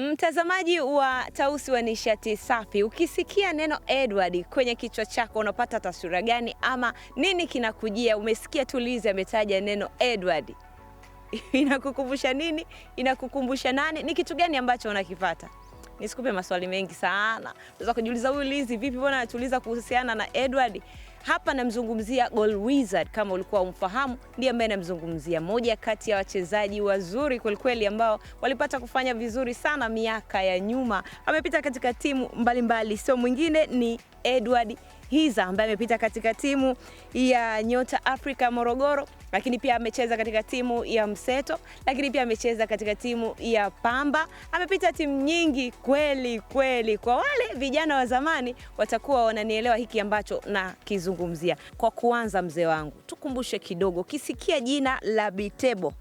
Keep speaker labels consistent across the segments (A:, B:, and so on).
A: Mtazamaji wa Tausi wa Nishati Safi, ukisikia neno Edward kwenye kichwa chako unapata taswira gani ama nini kinakujia? Umesikia tu ametaja neno Edward, inakukumbusha nini? Inakukumbusha nani? Ni kitu gani ambacho unakipata? nisikupe maswali mengi sana. Unaweza kujiuliza huyu Lizzy vipi, mbona anatuuliza kuhusiana na Edward? Hapa namzungumzia Gold Wizard, kama ulikuwa umfahamu, ndiye ambaye namzungumzia, moja kati ya wachezaji wazuri kwelikweli ambao walipata kufanya vizuri sana miaka ya nyuma. Amepita katika timu mbalimbali, sio mwingine ni Edward Hiza ambaye amepita katika timu ya Nyota Africa Morogoro lakini pia amecheza katika timu ya Mseto, lakini pia amecheza katika timu ya Pamba. Amepita timu nyingi kweli kweli. Kwa wale vijana wa zamani watakuwa wananielewa hiki ambacho nakizungumzia. Kwa kuanza, mzee wangu, tukumbushe kidogo, ukisikia jina la Bitebo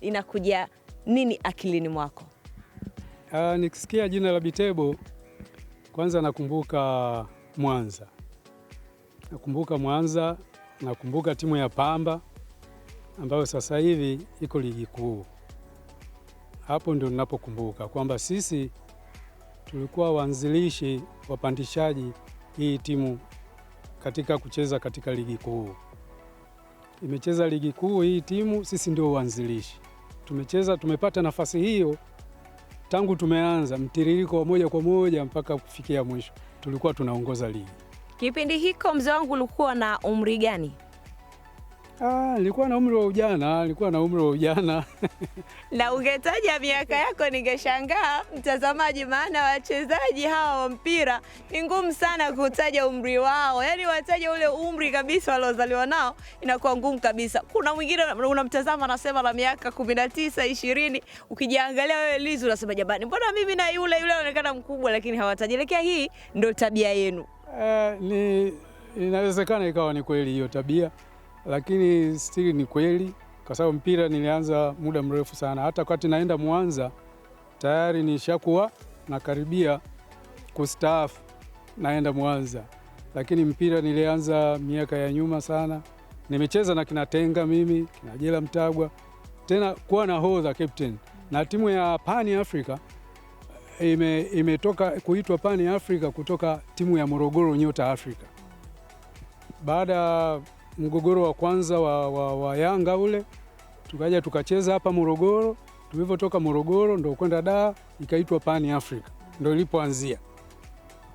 A: inakuja nini akilini mwako?
B: Uh, nikisikia jina la Bitebo kwanza nakumbuka Mwanza, nakumbuka Mwanza, nakumbuka timu ya Pamba ambayo sasa hivi iko ligi kuu. Hapo ndio ninapokumbuka kwamba sisi tulikuwa waanzilishi wapandishaji hii timu katika kucheza katika ligi kuu. Imecheza ligi kuu hii timu, sisi ndio waanzilishi. Tumecheza, tumepata nafasi hiyo tangu tumeanza mtiririko wa moja kwa moja mpaka kufikia mwisho, tulikuwa tunaongoza ligi.
A: Kipindi hiko mzee wangu ulikuwa na umri gani?
B: Ah, nilikuwa na umri wa ujana, nilikuwa na umri wa ujana
A: na ungetaja miaka yako ningeshangaa mtazamaji, maana wachezaji hawa wa mpira ni ngumu sana kutaja umri wao, yaani wataja ule umri kabisa waliozaliwa nao inakuwa ngumu kabisa. Kuna mwingine unamtazama anasema la miaka kumi na tisa ishirini, ukijiangalia wewe Lizu unasema jamani, mbona mimi na yule yule anaonekana mkubwa, lakini hawatajelekea. Hii ndio tabia yenu.
B: Eh, ni inawezekana ikawa ni kweli hiyo tabia lakini stili ni kweli, kwa sababu mpira nilianza muda mrefu sana. Hata wakati naenda Mwanza tayari nishakuwa nakaribia kustaafu, naenda Mwanza, lakini mpira nilianza miaka ya nyuma sana. Nimecheza na kinatenga mimi kinajela Mtagwa, tena kuwa hodha captain na timu ya Pan Africa ime, imetoka kuitwa Pan Africa kutoka timu ya Morogoro Nyota Africa baada mgogoro wa kwanza wa, wa, wa Yanga ule, tukaja tukacheza hapa Morogoro. Tulivyotoka Morogoro ndo kwenda Dar, ikaitwa Pan Africa, ndo ilipoanzia.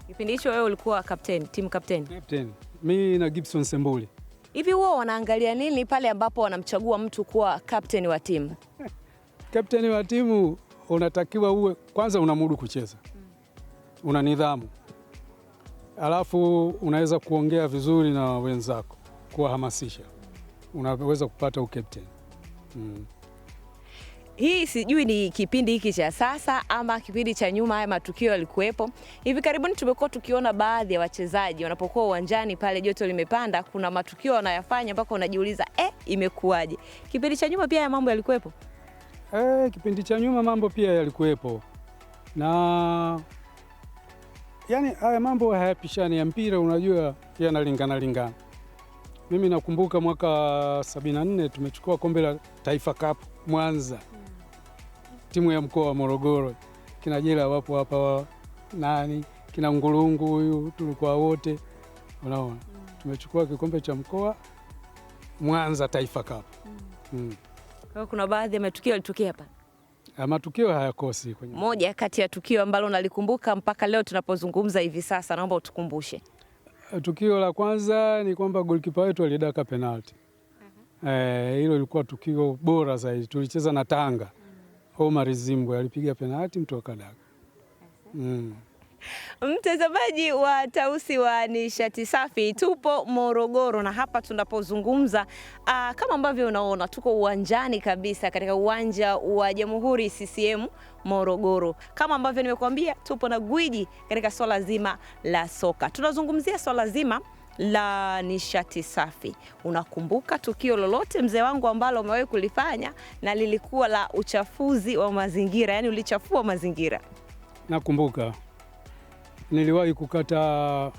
A: Kipindi hicho wewe ulikuwa captain, team captain?
B: Captain. Mimi na Gibson Sembuli.
A: Hivi huwa wanaangalia nini pale ambapo wanamchagua mtu kuwa captain wa timu?
B: Captain wa timu unatakiwa uwe kwanza unamudu kucheza, una nidhamu, alafu unaweza kuongea vizuri na wenzako kuwahamasisha, unaweza kupata ukapteni mm.
A: Hii sijui ni kipindi hiki cha sasa ama kipindi cha nyuma, haya matukio yalikuwepo. Hivi karibuni tumekuwa tukiona baadhi ya wachezaji wanapokuwa uwanjani pale joto limepanda, kuna matukio wanayafanya mpaka unajiuliza eh, imekuwaje? Kipindi cha nyuma pia haya mambo yalikuwepo?
B: Eh, kipindi cha nyuma mambo pia yalikuwepo na yani haya mambo hayapishani, ya mpira unajua yanalingana lingana mimi nakumbuka mwaka 74 tumechukua kombe la Taifa Cup Mwanza, timu ya mkoa wa Morogoro, kina Jela wapo hapa, nani kina Ngurungu huyu, tulikuwa wote, unaona tumechukua kikombe cha mkoa Mwanza Taifa Cup. Mm.
A: Mm. Kuna baadhi ya matukio yalitokea hapa.
B: Ah, matukio hayakosi kwenye.
A: Moja kati ya tukio ambalo nalikumbuka mpaka leo tunapozungumza hivi sasa, naomba utukumbushe.
B: Tukio la kwanza ni kwamba golikipa wetu alidaka penalti mhm. eh, hilo. uh -huh. E, lilikuwa tukio bora zaidi. Tulicheza na Tanga, mm. Omar Zimbwe alipiga penalti mtu akadaka. uh -huh.
A: mm. Mtazamaji wa Tausi wa Nishati Safi, tupo Morogoro na hapa tunapozungumza, uh, kama ambavyo unaona tuko uwanjani kabisa katika uwanja wa Jamhuri CCM Morogoro. Kama ambavyo nimekuambia, tupo na gwiji katika swala zima la soka. Tunazungumzia swala zima la nishati safi. Unakumbuka tukio lolote mzee wangu ambalo umewahi kulifanya na lilikuwa la uchafuzi wa mazingira, yaani ulichafua mazingira?
B: Nakumbuka niliwahi kukata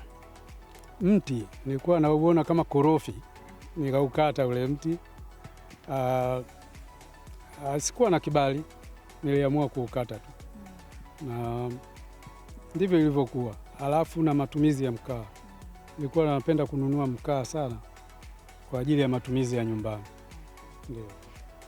B: mti, nilikuwa nauona kama korofi, nikaukata ule mti. Uh, uh, sikuwa na kibali, niliamua kuukata tu na ndivyo ilivyokuwa. alafu na matumizi ya mkaa, nilikuwa napenda kununua mkaa sana kwa ajili ya matumizi ya nyumbani,
A: ndio.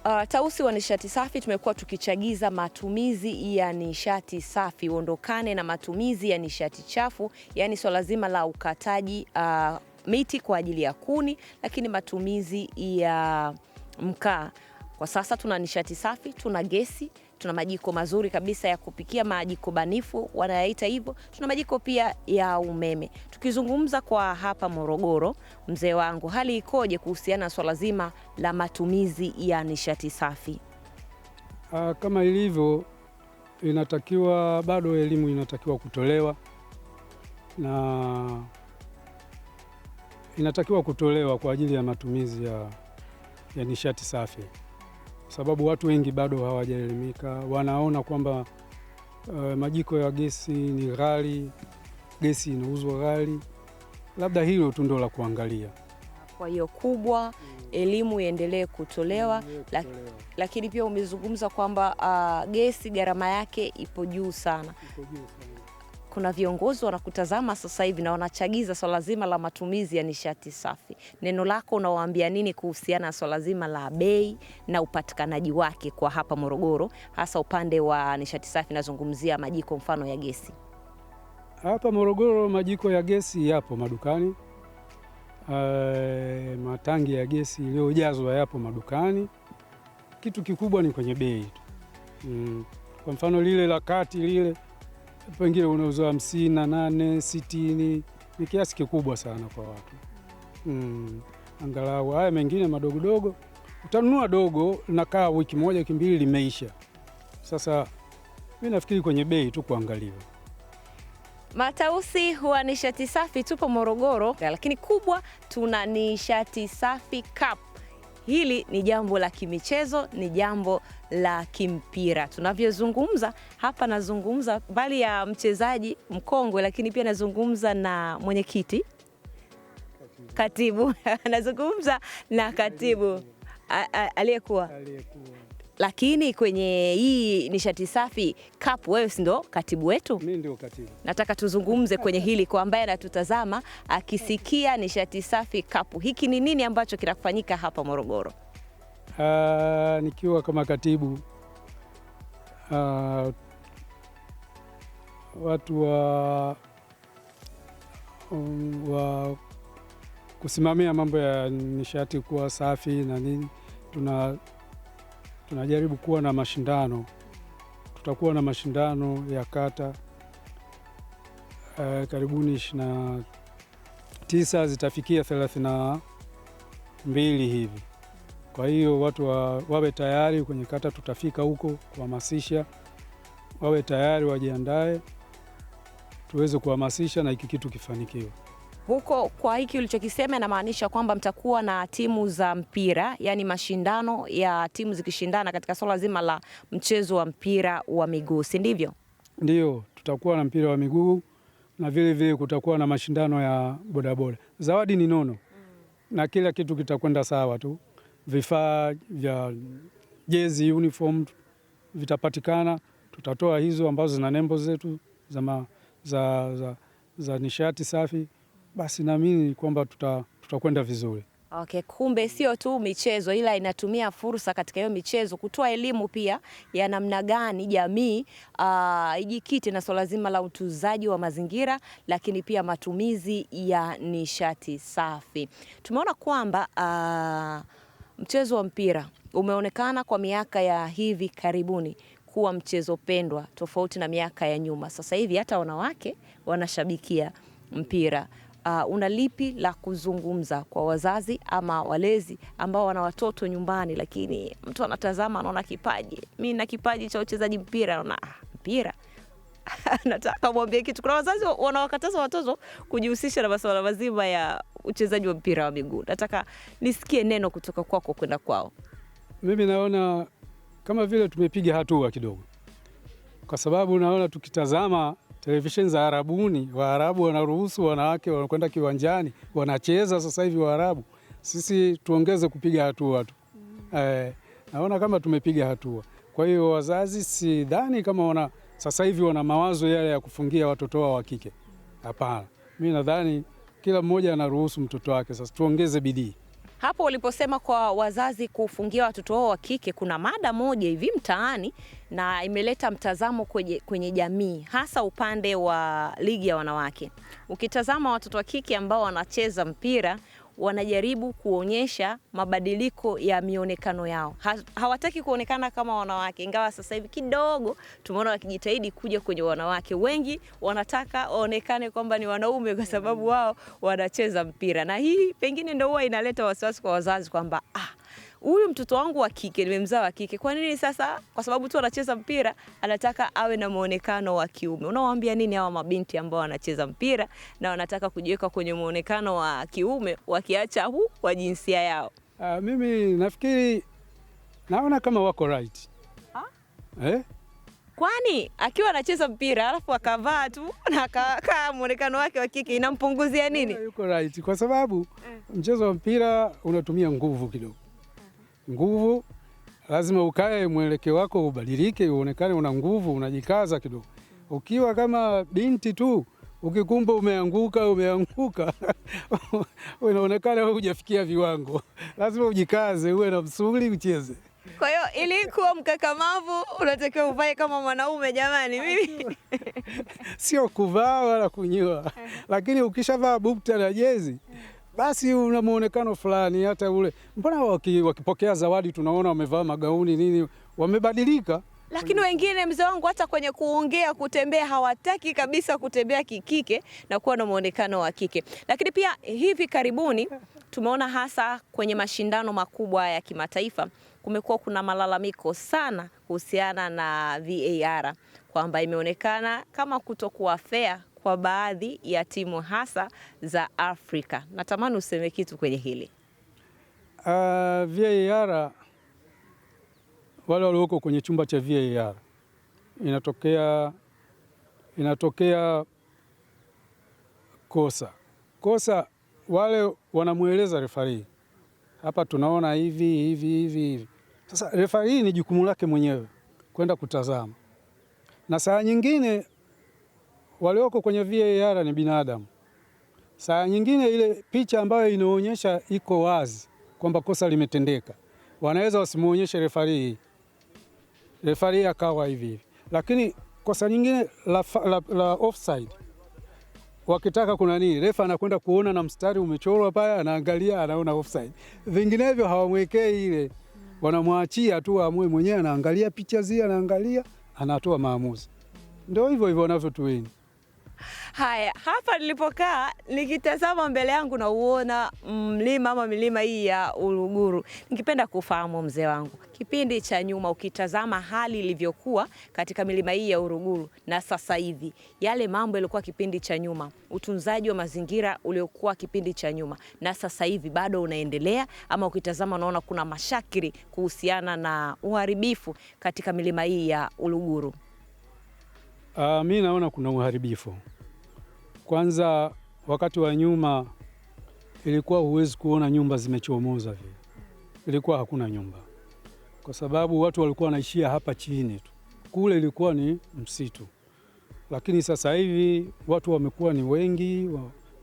A: Uh, Tausi wa Nishati Safi tumekuwa tukichagiza matumizi ya nishati safi, uondokane na matumizi ya nishati chafu, yaani swala zima la ukataji uh, miti kwa ajili ya kuni, lakini matumizi ya mkaa. Kwa sasa tuna nishati safi, tuna gesi tuna majiko mazuri kabisa ya kupikia, majiko banifu wanayaita hivyo. Tuna majiko pia ya umeme. Tukizungumza kwa hapa Morogoro, mzee wangu, hali ikoje kuhusiana na swala zima la matumizi ya nishati safi?
B: Ah, kama ilivyo inatakiwa bado elimu inatakiwa kutolewa na inatakiwa kutolewa kwa ajili ya matumizi ya, ya nishati safi sababu watu wengi bado hawajaelimika, wanaona kwamba uh, majiko ya gesi ni ghali, gesi inauzwa ghali. Labda hilo tu ndo la kuangalia.
A: Kwa hiyo kubwa, elimu iendelee kutolewa, kutolewa. lakini pia umezungumza kwamba uh, gesi gharama yake ipo juu sana, ipo juu sana kuna viongozi wanakutazama sasa hivi na wanachagiza swala zima la matumizi ya nishati safi. Neno lako unawaambia nini kuhusiana na swala zima la bei na upatikanaji wake kwa hapa Morogoro, hasa upande wa nishati safi? Nazungumzia majiko mfano ya gesi.
B: Hapa Morogoro majiko ya gesi yapo madukani. Uh, matangi ya gesi iliyojazwa yapo madukani. Kitu kikubwa ni kwenye bei tu. Mm, kwa mfano lile la kati lile pengine unauza hamsini na nane sitini ni kiasi kikubwa sana kwa watu mm. Angalau haya mengine madogodogo utanunua dogo, linakaa wiki moja wiki mbili limeisha. Sasa mi nafikiri kwenye bei tu kuangaliwa.
A: Matausi huwa nishati safi, tupo Morogoro, lakini kubwa tuna nishati safi kapu hili ni jambo la kimichezo, ni jambo la kimpira. Tunavyozungumza hapa, nazungumza mbali ya mchezaji mkongwe, lakini pia nazungumza na mwenyekiti, katibu, nazungumza na katibu aliyekuwa lakini kwenye hii nishati safi cup, wewe si ndo katibu wetu?
B: Mimi ndio katibu.
A: Nataka tuzungumze kwenye hili kwa ambaye anatutazama akisikia nishati safi cup, hiki ni nini ambacho kinafanyika hapa Morogoro?
B: Uh, nikiwa kama katibu uh, watu wa, um, wa kusimamia mambo ya nishati kuwa safi na nini tuna tunajaribu kuwa na mashindano. Tutakuwa na mashindano ya kata eh, karibuni ishirini na tisa zitafikia thelathini na mbili hivi. Kwa hiyo watu wa, wawe tayari kwenye kata, tutafika huko kuhamasisha, wawe tayari, wajiandae tuweze kuhamasisha na hiki kitu kifanikiwe
A: huko kwa hiki ulichokisema inamaanisha kwamba mtakuwa na timu za mpira, yani mashindano ya timu zikishindana katika swala zima la mchezo wa mpira wa miguu, si ndivyo?
B: Ndio, tutakuwa na mpira wa miguu na vile vile kutakuwa na mashindano ya bodaboda. Zawadi ni nono mm, na kila kitu kitakwenda sawa tu, vifaa vya jezi, uniform vitapatikana. Tutatoa hizo ambazo zina nembo zetu za, za, za, za nishati safi basi naamini kwamba tutakwenda tuta vizuri.
A: Okay, kumbe sio tu michezo ila inatumia fursa katika hiyo michezo kutoa elimu pia ya namna gani jamii uh, ijikite na swala zima la utunzaji wa mazingira, lakini pia matumizi ya nishati safi. Tumeona kwamba uh, mchezo wa mpira umeonekana kwa miaka ya hivi karibuni kuwa mchezo pendwa tofauti na miaka ya nyuma. Sasa hivi hata wanawake wanashabikia mpira uh, una lipi la kuzungumza kwa wazazi ama walezi ambao wana watoto nyumbani, lakini mtu anatazama anaona kipaji, mi na kipaji cha uchezaji mpira, naona ah, mpira nataka mwambie kitu. Kuna wazazi wanawakataza watoto kujihusisha na masuala mazima ya uchezaji wa mpira wa miguu. Nataka nisikie neno kutoka kwako kwenda kwao.
B: Mimi naona kama vile tumepiga hatua kidogo, kwa sababu naona tukitazama televisheni za Arabuni. Waarabu wanaruhusu wanawake wanakwenda kiwanjani, wanacheza sasa hivi Waarabu. Sisi tuongeze kupiga hatua tu. E, naona kama tumepiga hatua. Kwa hiyo wazazi, sidhani kama wana sasa hivi wana mawazo yale ya kufungia watoto wao wa kike. Hapana, mi nadhani kila mmoja anaruhusu mtoto wake. Sasa tuongeze bidii.
A: Hapo uliposema kwa wazazi kufungia watoto wao wa kike, kuna mada moja hivi mtaani na imeleta mtazamo kwenye, kwenye jamii hasa upande wa ligi ya wanawake. Ukitazama watoto wa kike ambao wanacheza mpira wanajaribu kuonyesha mabadiliko ya mionekano yao. Ha, hawataki kuonekana kama wanawake, ingawa sasa hivi kidogo tumeona wakijitahidi kuja kwenye wanawake. Wengi wanataka waonekane kwamba ni wanaume kwa sababu wao wanacheza mpira, na hii pengine ndio huwa inaleta wasiwasi kwa wazazi kwamba ah, huyu mtoto wangu wa kike nimemzaa wa kike, kwa nini sasa kwa sababu tu anacheza mpira anataka awe na muonekano wa kiume? Unawaambia nini hawa mabinti ambao wanacheza mpira na wanataka kujiweka kwenye muonekano wa kiume wakiacha huu wa jinsia yao?
B: Uh, mimi nafikiri naona kama wako right. Eh?
A: Kwani akiwa anacheza mpira alafu akavaa tu na akakaa muonekano wake wa kike inampunguzia nini? Eh,
B: yuko right kwa sababu eh. mchezo wa mpira unatumia nguvu kidogo nguvu, lazima ukae, mwelekeo wako ubadilike, uonekane una nguvu, unajikaza kidogo. Ukiwa kama binti tu ukikumba umeanguka umeanguka, unaonekana hujafikia viwango. Lazima ujikaze, uwe na msuli, ucheze.
A: Kwa hiyo ili kuwa mkakamavu unatakiwa uvae kama mwanaume. Jamani, ah, mimi
B: sio kuvaa wala kunyoa, eh. lakini ukishavaa bukta na jezi basi una muonekano fulani hata ule. Mbona waki, wakipokea zawadi tunaona wamevaa magauni nini, wamebadilika.
A: Lakini wengine mzee wangu hata kwenye kuongea, kutembea, hawataki kabisa kutembea kikike na kuwa na muonekano wa kike. Lakini pia hivi karibuni tumeona hasa kwenye mashindano makubwa ya kimataifa kumekuwa kuna malalamiko sana kuhusiana na VAR kwamba imeonekana kama kutokuwa fair kwa baadhi ya timu hasa za Afrika. Natamani useme kitu kwenye hili.
B: Uh, ah, VAR wale walioko kwenye chumba cha VAR inatokea, inatokea kosa kosa, wale wanamweleza refarii, hapa tunaona hivi hivi hivi hivi. Sasa refarii ni jukumu lake mwenyewe kwenda kutazama, na saa nyingine walioko kwenye VAR ni binadamu. Saa nyingine ile picha ambayo inaonyesha iko wazi kwamba kosa limetendeka, wanaweza wasimuonyeshe refari, refari akawa hivi hivi, lakini kosa nyingine la, la, la offside wakitaka kuna nini, refa anakwenda kuona na mstari umechorwa pale, anaangalia anaona offside. Vinginevyo hawamwekei ile, wanamwachia tu aamue mwenyewe, anaangalia picha zile, anaangalia anatoa maamuzi. Ndio hivyo hivyo wanavyotuweni.
A: Haya, hapa nilipokaa nikitazama mbele yangu na uona mm, mlima ama milima hii ya Uluguru, nikipenda kufahamu mzee wangu, kipindi cha nyuma ukitazama hali ilivyokuwa katika milima hii ya Uluguru na sasa hivi, yale mambo yaliokuwa kipindi cha nyuma, utunzaji wa mazingira uliokuwa kipindi cha nyuma na sasa hivi bado unaendelea, ama ukitazama unaona kuna mashakiri kuhusiana na uharibifu katika milima hii ya Uluguru?
B: Uh, mi naona kuna uharibifu kwanza wakati wa nyuma ilikuwa huwezi kuona nyumba zimechomoza vile, ilikuwa hakuna nyumba kwa sababu watu walikuwa wanaishia hapa chini tu, kule ilikuwa ni msitu. Lakini sasa hivi watu wamekuwa ni wengi,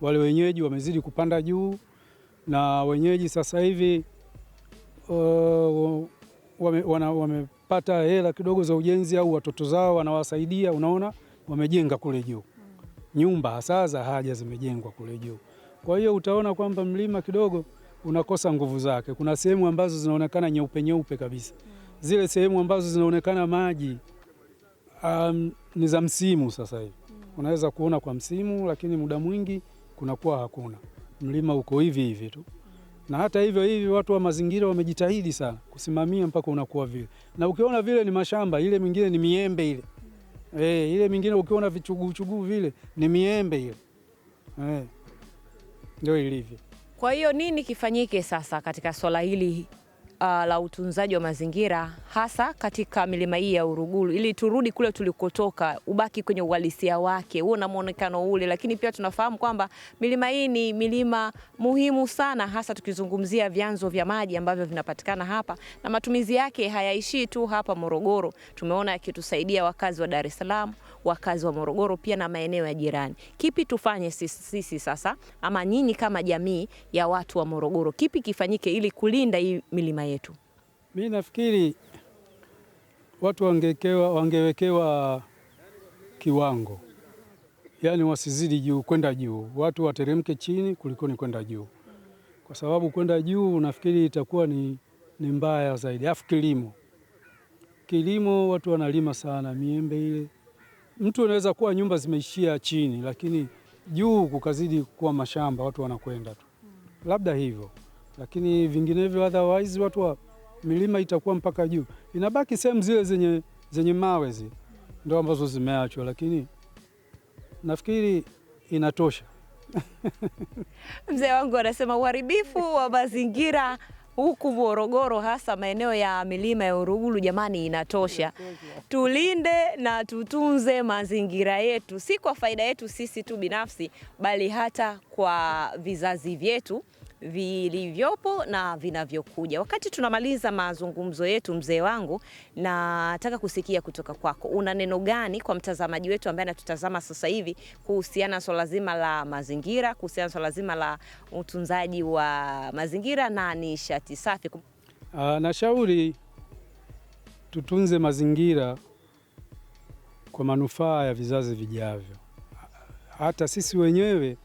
B: wale wenyeji wamezidi kupanda juu, na wenyeji sasa hivi uh, wame, wamepata hela kidogo za ujenzi, au watoto zao wanawasaidia, unaona wamejenga kule juu nyumba hasa za haja zimejengwa kule juu. Kwa hiyo utaona kwamba mlima kidogo unakosa nguvu zake. Kuna sehemu ambazo zinaonekana nyeupe nyeupe kabisa, zile sehemu ambazo zinaonekana maji um, ni za msimu. Sasa hivi unaweza kuona kwa msimu, lakini muda mwingi kunakuwa hakuna. Mlima uko hivi hivi tu, na hata hivyo hivi watu wa mazingira wamejitahidi sana kusimamia mpaka unakuwa vile, na ukiona vile ni mashamba, ile mingine ni miembe ile Eh, ile mingine ukiona vichuguchuguu vile ni miembe hiyo. Eh. Ndio ilivyo.
A: Kwa hiyo nini kifanyike sasa katika swala hili uh, la utunzaji wa mazingira hasa katika milima hii ya Uruguru ili turudi kule tulikotoka, ubaki kwenye uhalisia wake, huo na muonekano ule. Lakini pia tunafahamu kwamba milima hii ni milima muhimu sana, hasa tukizungumzia vyanzo vya maji ambavyo vinapatikana hapa, na matumizi yake hayaishii tu hapa Morogoro. Tumeona yakitusaidia wakazi wa Dar es Salaam wakazi wa Morogoro pia na maeneo ya jirani. Kipi tufanye sisi, sisi sasa ama nyinyi kama jamii ya watu wa Morogoro, kipi kifanyike ili kulinda hii milima yetu?
B: Mi nafikiri watu wangekewa, wangewekewa kiwango, yaani wasizidi juu kwenda juu, watu wateremke chini kuliko ni kwenda juu, kwa sababu kwenda juu nafikiri itakuwa ni, ni mbaya zaidi. Alafu kilimo kilimo, watu wanalima sana miembe ile mtu anaweza kuwa nyumba zimeishia chini, lakini juu kukazidi kuwa mashamba, watu wanakwenda tu labda hivyo, lakini vinginevyo otherwise watu wa milima itakuwa mpaka juu, inabaki sehemu zile zenye, zenye mawe zile ndio ambazo zimeachwa, lakini nafikiri inatosha.
A: Mzee wangu anasema uharibifu wa mazingira huku Morogoro, hasa maeneo ya milima ya Uruguru, jamani, inatosha. Tulinde na tutunze mazingira yetu, si kwa faida yetu sisi tu binafsi, bali hata kwa vizazi vyetu vilivyopo na vinavyokuja. Wakati tunamaliza mazungumzo yetu, mzee wangu, nataka kusikia kutoka kwako, una neno gani kwa mtazamaji wetu ambaye anatutazama sasa hivi kuhusiana na swala zima la mazingira, kuhusiana na swala zima la utunzaji wa mazingira na nishati safi?
B: Uh, nashauri tutunze mazingira kwa manufaa ya vizazi vijavyo. Hata sisi wenyewe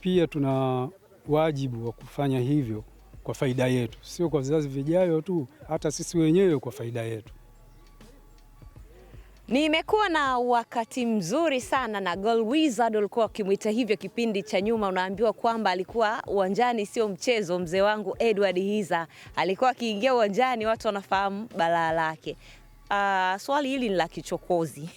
B: pia tuna wajibu wa kufanya hivyo kwa faida yetu, sio kwa vizazi vijayo tu, hata sisi wenyewe kwa faida yetu.
A: Nimekuwa na wakati mzuri sana na Goal Wizard, ulikuwa ukimwita hivyo kipindi cha nyuma. Unaambiwa kwamba alikuwa uwanjani sio mchezo. Mzee wangu Edward Hiza alikuwa akiingia uwanjani, watu wanafahamu balaa lake. Uh, swali hili ni la kichokozi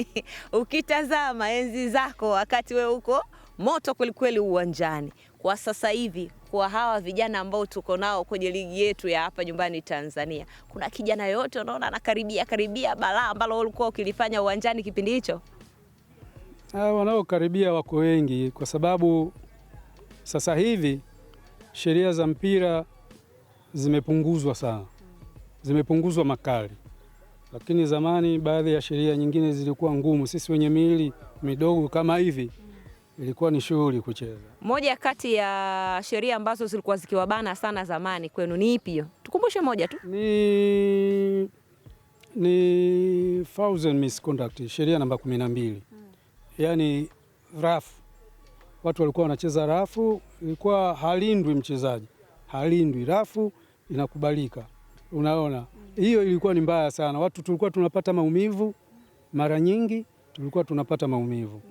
A: ukitazama enzi zako wakati we huko moto kwelikweli uwanjani kwa sasa hivi. Kwa hawa vijana ambao tuko nao kwenye ligi yetu ya hapa nyumbani Tanzania, kuna kijana yoyote unaona anakaribia karibia balaa ambalo ulikuwa ukilifanya uwanjani kipindi hicho?
B: Ah, wanaokaribia wako wengi, kwa sababu sasa hivi sheria za mpira zimepunguzwa sana, zimepunguzwa makali, lakini zamani baadhi ya sheria nyingine zilikuwa ngumu. Sisi wenye miili midogo kama hivi Ilikuwa ni shughuli kucheza.
A: Moja kati ya sheria ambazo zilikuwa zikiwabana sana zamani kwenu ni ipi hiyo? Tukumbushe moja tu.
B: Ni ni Thousand Misconduct, sheria namba kumi na mbili. Hmm. Yaani rafu, watu walikuwa wanacheza rafu, ilikuwa halindwi mchezaji, halindwi rafu, inakubalika. Unaona hmm. hiyo, hmm. Ilikuwa ni mbaya sana, watu tulikuwa tunapata maumivu mara nyingi, tulikuwa tunapata maumivu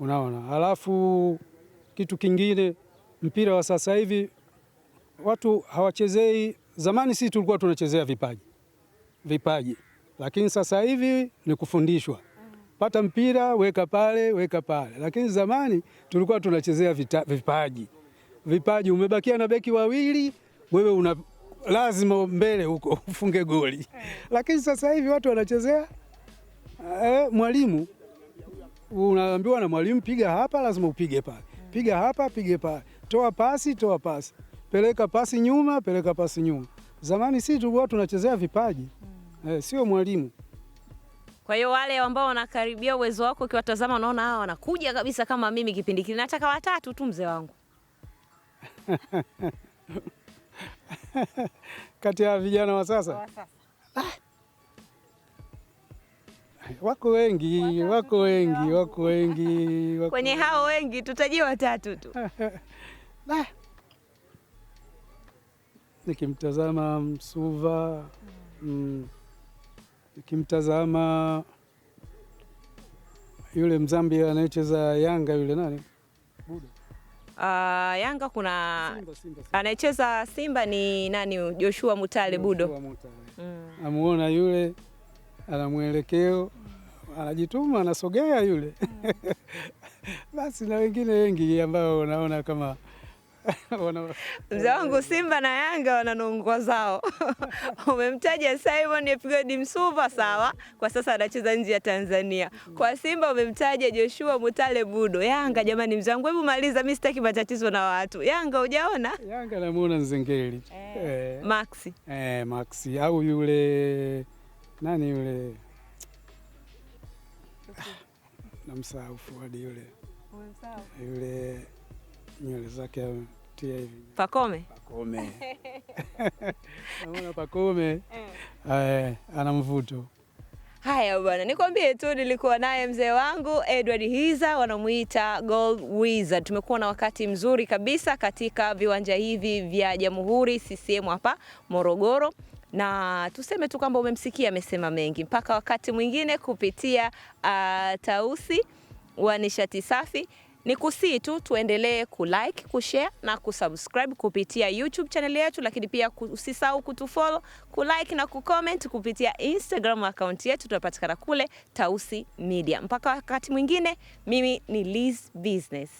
B: unaona. alafu kitu kingine, mpira wa sasa hivi watu hawachezei. Zamani sisi tulikuwa tunachezea vipaji vipaji, lakini sasa hivi ni kufundishwa. Pata mpira weka pale, weka pale, lakini zamani tulikuwa tunachezea vita, vipaji vipaji. Umebakia na beki wawili, wewe una lazima mbele huko ufunge goli, eh. lakini sasa hivi watu wanachezea eh, mwalimu unaambiwa na mwalimu, piga hapa, lazima upige pale, piga hapa, pige pale, toa pasi, toa pasi, peleka pasi nyuma, peleka pasi nyuma. Zamani si tulikuwa tunachezea vipaji mm. Eh, sio mwalimu.
A: Kwa hiyo wale ambao wanakaribia uwezo wako, ukiwatazama unaona hawa wanakuja kabisa kama mimi. Kipindi kile nataka watatu tu, mzee wangu
B: kati ya vijana wa sasa ah, Wako wengi, wako wengi, wako wengi.
A: Wako... kwenye hao wengi tutajia watatu tu. Ah.
B: Nikimtazama Msuva mm. Nikimtazama yule Mzambia anayecheza Yanga yule nani? Buda.
A: Uh, Yanga kuna
B: Simba, Simba, Simba.
A: Anayecheza Simba ni nani? Joshua Mutale Budo. Joshua
B: Mm. Amuona yule ana mwelekeo, anajituma, anasogea yule mm. basi na wengine wengi ambao unaona kama
A: mzee wangu Simba na Yanga wananongwa zao. Umemtaja Simon Epigodi Msuva, sawa, kwa sasa anacheza nje ya Tanzania. Kwa Simba umemtaja Joshua Mutale Budo. Yanga jamani, mzee wangu, hebu maliza, mi sitaki matatizo na watu. Yanga ujaona?
B: Yanga namuona Nzengeli eh.
A: eh, Maxi
B: eh, Maxi au yule nani yule namsahau Fuadi yule yule nywele zake tia hivi Pakome, Pakome naona Pakome eh. eh, ana mvuto.
A: Haya bwana, nikwambie tu nilikuwa naye mzee wangu Edward Hiza, wanamuita Gold Wizard. Tumekuwa na wakati mzuri kabisa katika viwanja hivi vya Jamhuri CCM hapa Morogoro na tuseme tu kwamba umemsikia amesema mengi. Mpaka wakati mwingine kupitia uh, Tausi wa Nishati Safi ni kusii tu tuendelee kulike, kushare na kusubscribe kupitia YouTube channel yetu, lakini pia usisahau kutufollow, kulike na kucomment kupitia Instagram account yetu, tunapatikana kule Tausi Media. Mpaka wakati mwingine, mimi ni Liz Business.